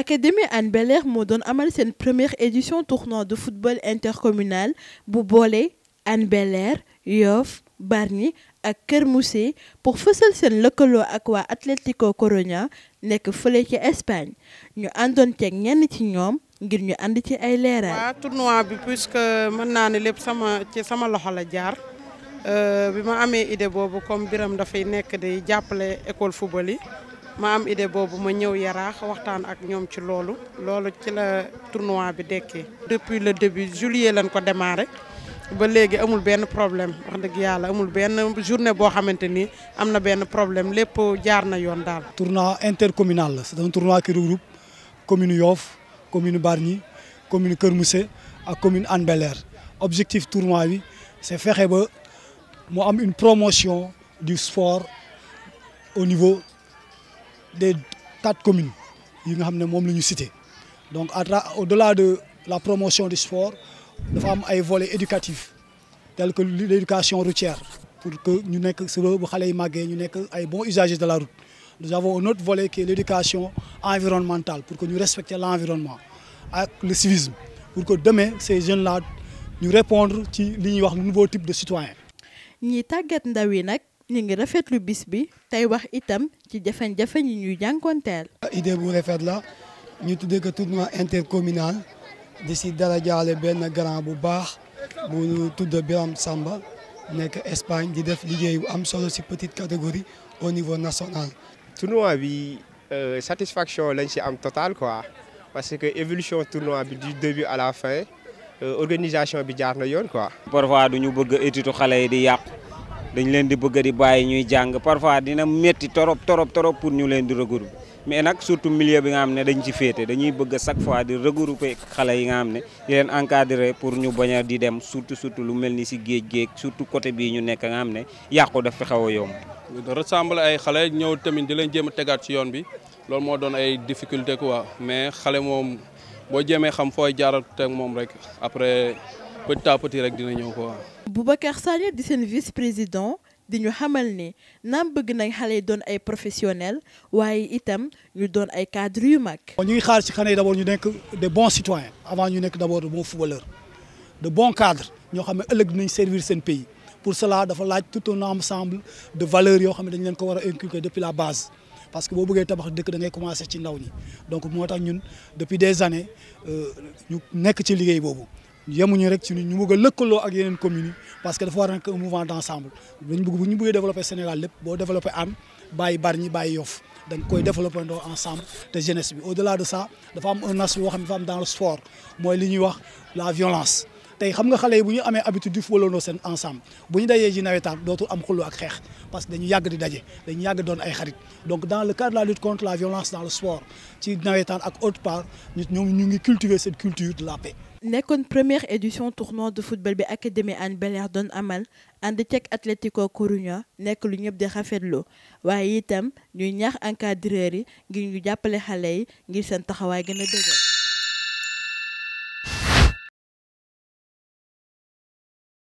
académie Hann Bel-Air moo doon amal première édition tournoi de football intercommunal bu boole Hann Yoff Barni ak Kermoussé pour fësal seen lëkkaloo ak waa Atlético Coruña nek fële ci Espagne ñu àndoon ceeg ñenn ci ñom ngir ñu and ci ay leeral. Wa tournoi bi puisque mën naa ne lépp sama ci sama loxo la jaar Euh bima amé idée bobu comme Biram dafay nek di jàppale école football yi ma am idée boobu ma ñew yaraax waxtaan ak ñom ci l'Olu. L'Olu ci la tournoi bi dekkee depuis le début juillet lañ ko démarré ba légui amul benn problème wax deug yalla amul benn journée bo xamante amna am problème lépp jaar na yoon dal tournoi intercommunal c'est un tournoi qui regroupe commune Yoff commune Bargny commune Kër Moussé ak commune Hann objectif tournoi bi c'est fexé ba mo am une promotion du sport au niveau des quatre communes yi nous donc au-delà de la promotion du sport nous avons un volet éducatif tel que l'éducation routière pour que nous nekk soyons bu bons usagers de la route nous avons un autre volet qui est l'éducation environnementale pour que nous respections l'environnement avec le civisme pour que demain ces jeunes là nous répondent à li nouveau type de citoyen Nous avons ñu ngi rafetlu bis bi tay wax itam ci jafe-jafe yi ñuy jànkonteel. Ah, idée bu rafet la ñu tuddee ko tournoi intercommunal di si dara jaale benn grand bu baax bu ñu tudd Biram Samba nekk Espagne di def liggéey bu am solo si petite catégorie au niveau national. tournoi bi euh, satisfaction lañ si am total quoi parce que évolution tournoi bi du début à la fin euh, organisation bi jaar na yoon quoi. parfois du ñu bëgg étude xale yi di yàqu. dañu leen di bëgg di bàyyi ñuy jàng parfois dina métti torop torop torop pour ñu leen di regrouper mais nag surtout milieu bi nga xam ne dañu ci féete dañuy bëgg chaque fois di regrouper xale yi nga xam ne leen encadrer pour ñu bañ a di dem surtout surtout lu mel ni si géej géej surtout côté bii ñu nekk nga xam ne yàqu daf fi xaw a yomb. rassembler ay xale ñëw tamit di leen jëm a tegaat ci yoon bi loolu moo doon ay difficulté waa mais xale moom boo jëmee xam foo jaaral teg moom rek après petit à petit rek dina ñëw waa Boubacar Saliou di seen vice président di ñu xamal ne naam bëgg nañ xale ay professionnels waaye itam ñu doon ay cadres yu mag. ñu ngi xaar ci d'abord ñu nekk des bons citoyens avant ñu nekk d'abord de bons footballeurs de bons cadres ñoo xam ne dinañ servir seen pays pour cela dafa laaj tout un ensemble de valeurs yoo xam ne dañ leen ko inculquer depuis la base. parce que boo bëggee tabax dëkk da ngay commencer ci ndaw ñi donc moo ñun depuis des années euh, ñu nekk ci liggéey boobu nous rek ci ñu parce que dafa un mouvement d'ensemble Nous bëgg Sénégal développer Baye des Baye Yoff donc ensemble au-delà de ça nous am un aspect dans le sport mooy li ñuy la violence xam nga yi ensemble bu ñu ji am ak parce que dañu di donc dans le cadre de la lutte contre la violence dans le sport ci nawetaan ak autre part nous cultiver cette culture de la paix nekkoon première édition tournoi de football bi Academy Hann Bel-Air amal ànd ceeg Atletico Coruña nek lu ñëpp di rafetlo waye itam ñu ñaax encadreur yi ngir ñu jappalé xalé yi ngir seen taxaway gëna dëgër